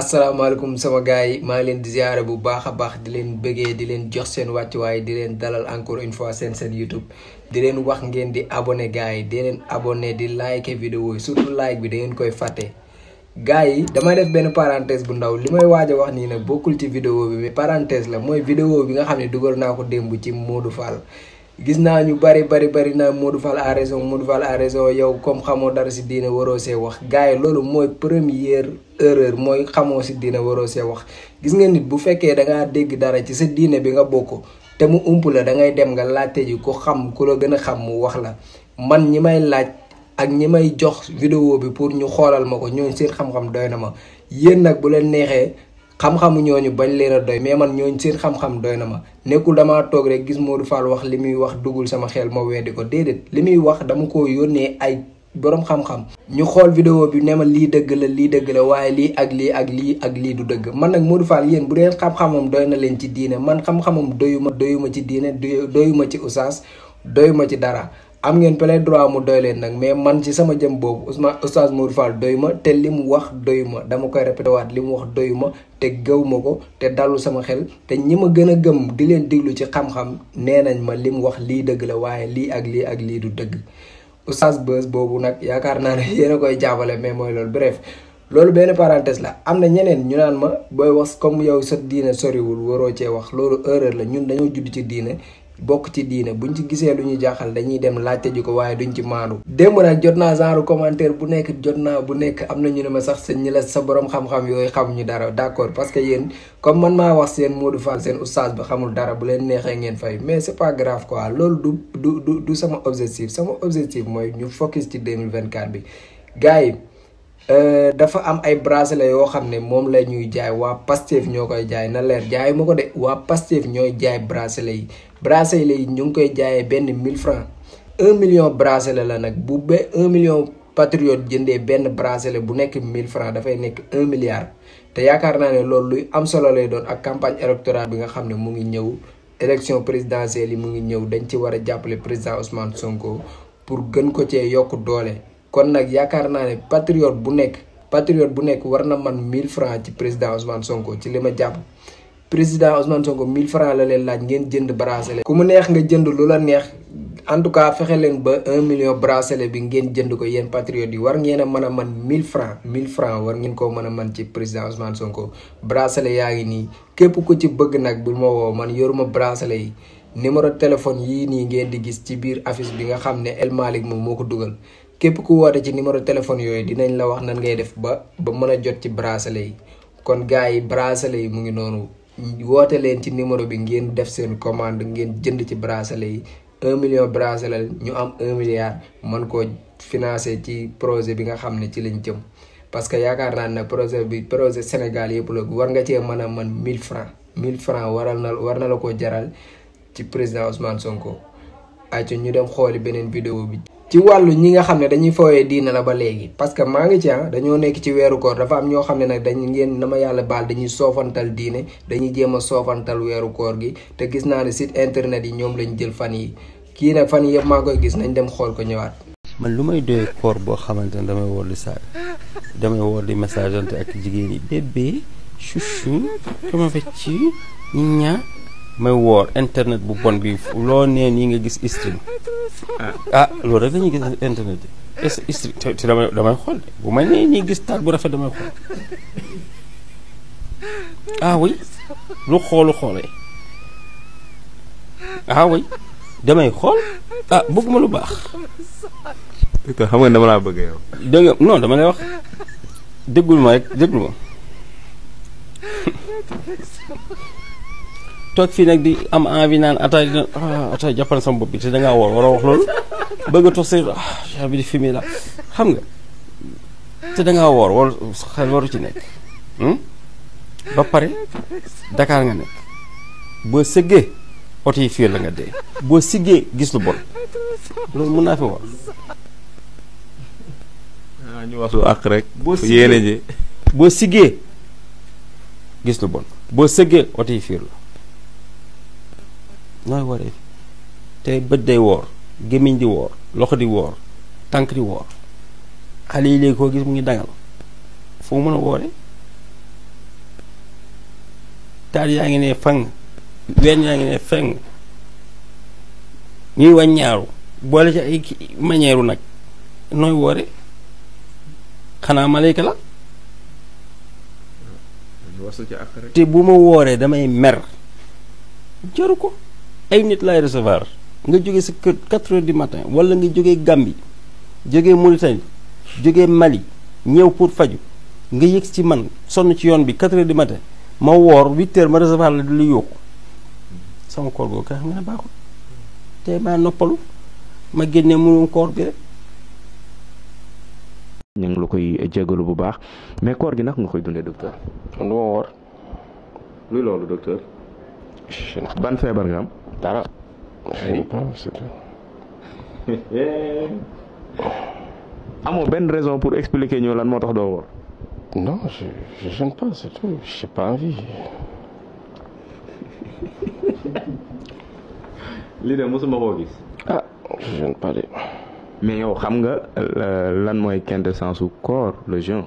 asalaamaaleykum sama gars yi maa ngi leen di ziare bu baax a baax di leen bëggee di leen jox seen wàccuwaay di leen dalal encore une fois seen seen YouTube di leen wax ngeen di abone gars yi di leen abonné di like vidéo yi surtout like bi da ngeen koy fàtte. gars yi dama def benn parenthèse bu ndaw li may waaj a wax nii ne bokkul ci vidéo bi mais parenthèse la mooy vidéo bi nga xam ne dugal naa ko démb ci Modou Fall. gis naa ñu bari bari bari na Modou Fall a raison Modou Fall a raison yow comme xamoo dara si diine waroo see wax gars yi loolu mooy première erreur mooy xamoo si diine waroo see wax gis nga nit bu fekkee da dégg dara ci sa diine bi nga bokk te mu ump la da ngay dem nga laajte ji ku xam ku la gën a xam mu wax la man ñi may laaj ak ñi may jox vidéo bi pour ñu xoolal ma ko ñooñ seen xam-xam doy na ma yéen nag bu leen neexee xam-xamu ñooñu bañ leen a doy mais man ñooñu seen xam-xam doy na ma nekkul damaa toog rek gis Modou Fall wax li muy wax dugul sama xel ma weddi ko déedéet li muy wax dama ko yónnee ay boroom xam-xam ñu xool vidéo bi ne ma lii dëgg la lii dëgg la waaye lii ak lii ak lii ak lii du dëgg man nag Modou Fall yéen bu dee xam-xamam doy na leen ci diine man xam-xamam doyuma doyuma ci diine doyuma ci usaas doyuma ci dara am ngeen plein droit mu doy leen nag mais man ci sama jëm boobu Ousmane Oustaz Modou doy ma te li mu wax doy ma dama koy répété waat li mu wax doy ma te gëw ma ko te dalu sama xel te ñi ma gën a gëm di leen diglu ci xam-xam nee nañ ma li mu wax lii dëgg la waaye lii ak lii ak lii du dëgg Oustaz Buzz boobu nag yaakaar naa ne yéen koy jaabale mais mooy loolu bref loolu benn parenthèse la am na ñeneen ñu naan ma booy wax comme yow sa diine soriwul waroo cee wax loolu erreur la ñun dañoo judd ci diine bokk ci diine buñ ci gisee lu ñu jaaxal dañuy dem laajte ji ko waaye duñ ci maandu démb nag jot naa genre commentaire bu nekk jot naa bu nekk am na ñu ne ma sax seen ñi la sa borom xam-xam yooyu xamuñu dara d'accord parce que yéen comme man maa wax seen Modou Fall seen oustaz bi xamul dara bu leen neexee ngeen fay mais c'est pas grave quoi loolu du du du du sama objectif sama objectif mooy ñu focus ci 2024 bi gars yi Euh, dafa am ay bracelet yoo xam ne moom la ñuy jaay waa Pastef ñoo koy jaay na leer jaay ma ko de waa Pastef ñooy jaay bracelet yi bracelet yi ñu ngi koy jaayee benn 1000 francs 1 million bracelet la nag bu be 1 million patriote jëndee benn bracelet bu nekk mille francs dafay nekk un milliard te yaakaar naa ne loolu luy am solo lay doon ak campagne électorale bi nga xam ne mu ngi ñëw élection présidentielle yi mu ngi ñëw dañ ci war a jàppale président Ousmane Sonko pour gën ko cee yokk doole. kon nak yakar na ne patriote bu nek patriote bu nek war na man 1000 francs ci président Ousmane Sonko ci lima japp président Ousmane Sonko 1000 francs la len laaj ngeen jënd bracelet kumu neex nga jënd lula neex en tout cas fexel len ba 1 million bracelet bi ngeen jënd ko yeen patriote yi war ngeen a man 1000 francs 1000 francs war ngeen ko mëna man ci président Ousmane Sonko bracelet yaagi ni kep képp ku ci bëgg nak bu ma wo man yoruma bracelet yi numéro téléphone yi ni ngeen di gis ci biir office bi nga xamne El Malik moom moko duggal képp ku woote ci numéro téléphone yooyu dinañ la wax nan ngay def ba ba mën a jot ci bracelet yi kon gars yi bracelet yi mu ngi noonu woote leen ci numéro bi ngeen def seen commande ngeen jënd ci bracelet yi un million bracelet ñu am un milliard mën koo financer ci projet bi nga xam ne ci lañ jëm parce que yaakaar naa ne projet bi projet Sénégal yëpp la war nga cee mën a man mille francs mille francs waral na war na la ko jaral ci président Ousmane Sonko. ayca ñu dem xooli beneen vidéo bi. ci wàllu ñi nga xam ne dañuy fowee diine la ba léegi parce que maa ngi ci ah, dañoo nekk ci weeru koor dafa am ñoo xam ne nag dañ ngeen na ma yàlla baal dañuy soofantal diine dañuy jéem a soofantal weeru koor gi te gis naa ne site internet yi ñoom lañ jël fan yi kii nag fan yi yëpp maa koy gis nañ dem xool ko ñëwaat. man lu may doyee koor boo xamante ne damay woor di saaga damay woor di message ak jigéen yi bébé chouchou comment vas-tu ña may woor internet bu bon bi loo nee nii nga gis stream ah loolu rek la ñuy gis internet bi stream te damay damay xool de bu may nee nii gis taal bu rafet damay xool ah oui lu xoolu xoolee ah oui damay xool ah bëgguma lu baax. xam nga dama laa bëgg yow. dégg dama lay wax déggul ma rek déglu ma. toog fii nag di am envie naan ataay dina ah, sama bopp bi te dangaa woor war a wax loolu bëgg a toog say ah la xam nga te danga woor war xel waru ci nekk hmm? ba pare dakaar nga nekk boo sëggee oto yi fiir la nga dee boo siggee gis lu bon loolu mën naa ah, gis lu bon boo sëggee oto yi fiir la nooy waree te bët day woor gémmiñ di woor loxo di woor tànk di woor xale yi léegi koo gis mu ngi dangal foo mën a woore taar yaa ngi ne fang wenn yaa ngi ne fang ñuy wàññaaru boole ci ay manière nag nooy woore xanaa malayka la te bu ma wooree damay mer jaru ko ay nit lay recevoir nga jóge sa kër 4 heures du matin wala nga jóge Gambie jóge Mauritanie jóge Mali ñëw pour faju nga yëg ci man sonn ci yoon bi 4 heures du matin ma woor 8 heures ma recevoir la di lu yóoku sama koor googu ka xam nga ne baaxul te maa noppalu ma génnee murum koor bi rek. ñu ngi koy jégalu bu baax mais koor gi nag nga koy dundee docteur. kon du ma woor. luy loolu docteur. ban feebar nga dara. amoo ben raison pour expliquer ñu lan moo tax non je je ne pas c'est tout j'ai pas envie. Li de mosuma koo gis. ah je ne pas mais yo xam nga lan mooy quintessence corps le jeûne.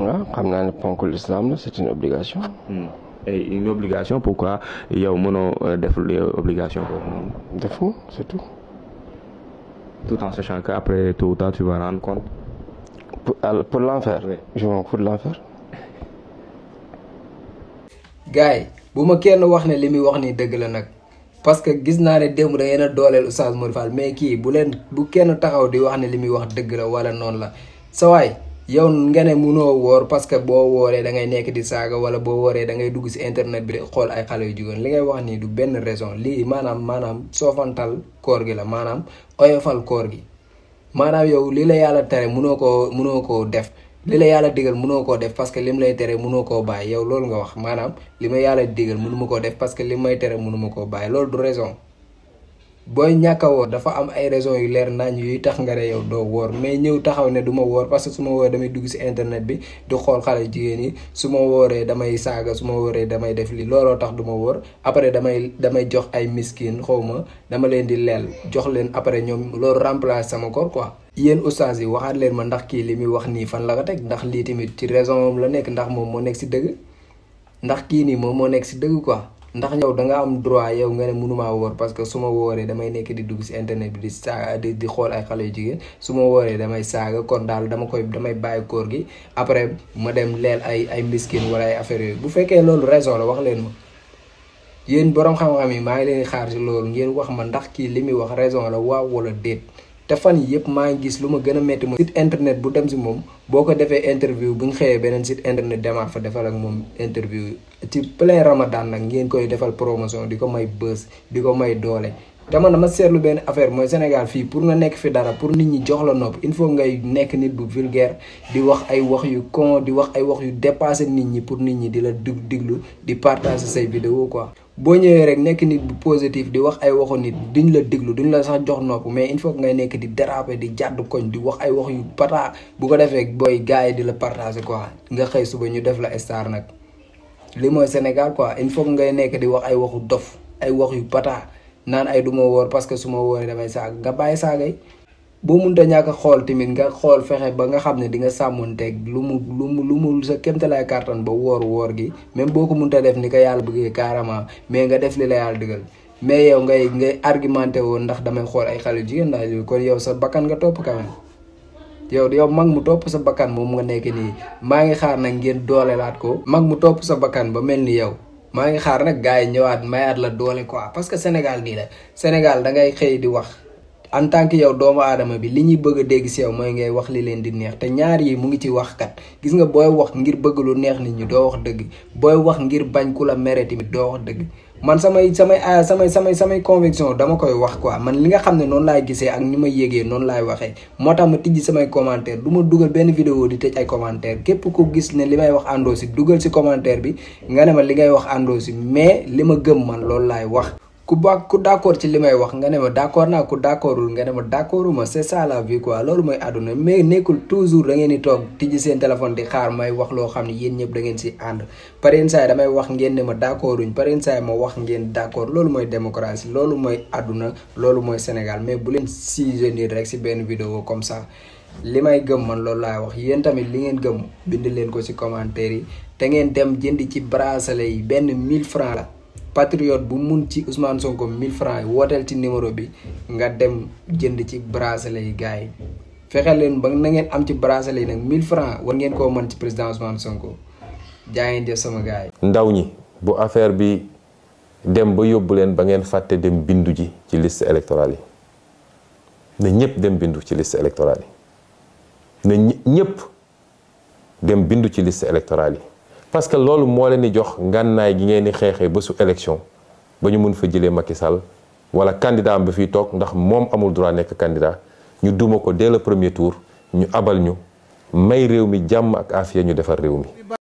ah xam naa ne ponk l'islam c'est une obligation. Hmm est une obligation pourquoi yow mënoo euh, def euh, obligation boobu noonu. defoo c'est tout. tout en sachant que après tôt ou tu vas rendre compte. pour pour l'enfer. oui je m'en fous de l'enfer. gars yi bu ma kenn wax ne li muy wax nii dëgg la nak parce que gis naa ne démb da ngeen a dooleel Oustaz Modou Fall mais ki bu len bu kenn taxaw di wax ne li wax deug la wala non la sa way yow nga ne munoo woor parce que boo wooree da ngay nekk di saaga wala boo wooree da ngay dugg si internet bi xool ay xale yu jigéen li ngay wax nii du benn raison lii maanaam maanaam soofantal koor gi la maanaam oyofal koor gi maanaam yow li la yàlla tere munoo koo munoo ko def li la yàlla digal munoo ko def parce que lim lay tere munoo koo bàyyi yow loolu nga wax maanaam li ma yàlla digal munu ma koo def parce que lim may tere munu ma koo bàyyi loolu du raison. booy ñàkk woor dafa am ay raisons yu leer nañ yuy tax nga ne doo woor mais ñëw taxaw ne du ma woor parce que su ma wooree damay dugg si internet bi du xool xale jigéen yi su ma wooree damay saaga su ma wooree damay def li looloo tax du ma woor après damay damay jox ay miskin xaw ma dama leen di leel jox leen après ñoom loolu remplace sama koor quoi. yéen ustaas yi waxaat leen ma ndax kii li muy wax nii fan la ko teg ndax lii tamit ci raison moom la nekk ndax moom moo nekk si dëgg ndax kii nii moom moo nekk si dëgg quoi. ndax yow da nga am droit yow nga ne mënumaa woor parce que su ma wooree damay nekk di dugg si internet bi di saaga di xool ay xale yu jigéen su ma wooree damay saaga kon daal dama koy damay bàyyi koor gi après ma dem leel ay ay mbiskine wala ay affaire yooyu bu fekkee loolu raison la wax leen ma yéen borom xam-xam yi maa ngi leen xaar si loolu ngeen wax ma ndax kii li muy wax raison la waaw wala déet. té fan yi yëpp ngi gis luma gëna metti mo site internet bu dem ci mom boko défé interview buñ xéyé benen site internet déma fa défal ak mom interview ci plein ramadan nak ngeen koy défal promotion di ko may buzz di may doolé te man dama sétlu benn affaire moy Sénégal fi pour nga nek fi dara pour nit ñi jox la nopp il faut ngay nek nit bu vulgaire di wax ay wax yu con di wax ay wax yu dépasser nit ñi pour nit ñi di la diglu di partager say vidéo quoi boo ñëwee rek nekk nit bu positif di wax ay waxu nit duñ la déglu duñ la sax mais il faut que ngay nekk di déraper di jàdd koñ di wax ay wax yu pata bu ko defee booy gars yi di la partager quoi nga xëy suba ñu def la star nag. li mooy Sénégal quoi il faut que ngay nekk di wax ay waxu dof ay wax yu pata naan ay du parce que su ma damay boo munta ñaka xol timit nga xol fexé ba nga xamné di nga samonté lu mu lu mu lu mu sa ba wor wor gi même boko ko munta def ni ka yalla bëggé carama mais nga def li la yalla digal mais yow ngay ngay argumenté wo ndax damay xol ay xalé jigen ndax jël kon yow sa bakan nga top quand même yow yow mag mu top sa bakkan moom nga nekk ni ma ngi xaar nak ngeen doolelaat ko mag mu top sa bakan ba melni yow ma ngi xaar nak gaay ñëwaat mayat la doole quoi parce que Sénégal nii la Sénégal da ngay xey di wax en tant que yow doomu aadama bi li ñuy bëgg a dégg si yow mooy ngay wax li leen di neex te ñaar yi mu ngi ci wax kat gis nga booy wax ngir bëgg lu neex nit ñi doo wax dëgg booy wax ngir bañ ku la mere tamit doo wax dëgg man samay samay ah, samay samay samay conviction dama koy wax quoi man li nga xam ne noonu laay gise ak ni ma yéegee noonu laay waxee moo tax ma tijji samay commentaire du ma dugal benn vidéo di tëj ay commentaire képp ku gis ne li may wax àndoo dugal si commentaire bi nga ne ma li ngay wax àndoo mais li ma gëm man loolu laay wax ku ba ku d'accord ci li may wax nga ne ma d'accord naa ku d'accordul nga ne ma d'accorduma c'est ça la vie quoi loolu mooy àdduna mais nekkul toujours da ngeen di toog tijji seen téléphone di xaar may wax loo xam ne yéen ñëpp da ngeen si ànd pareen saa yi damay wax ngeen ne ma d'accorduñ pareen saa yi ma wax ngeen d'accord loolu mooy démocratie loolu mooy àdduna loolu mooy Sénégal mais bu leen si saisonnier rek si benn vidéo comme ça li may gëm man loolu laay wax yéen tamit li ngeen gëm bind leen ko si commentaire yi te ngeen dem jënd ci bracelet benn 1000 francs la patriote bu mun ci Ousmane Sonko 1000 francs yi wooteel ci numéro bi nga dem jënd ci bracelet yi gars yi fexe leen ba na ngeen am ci bracelet yi nag mille francs war ngeen koo mën ci président Ousmane Sonko jaayeen jëf sama gars ndaw ñi bu affaire bi dem ba yóbbu leen ba ngeen fàtte dem bindu ji ci liste électorale yi na ñëpp dem bindu ci list électorale yi na dem bindu ci liste électorale yi. parce que loolu moo leen di jox ngànnaay gi ngeen di xeexee ba su élection ba ñu mun fa jëlee Macky Sall wala candidat ba fiy toog ndax moom amul droit nekk candidat ñu duma ko dès le premier tour ñu abal ñu may réew mi jàmm ak aafiya ñu defar réew mi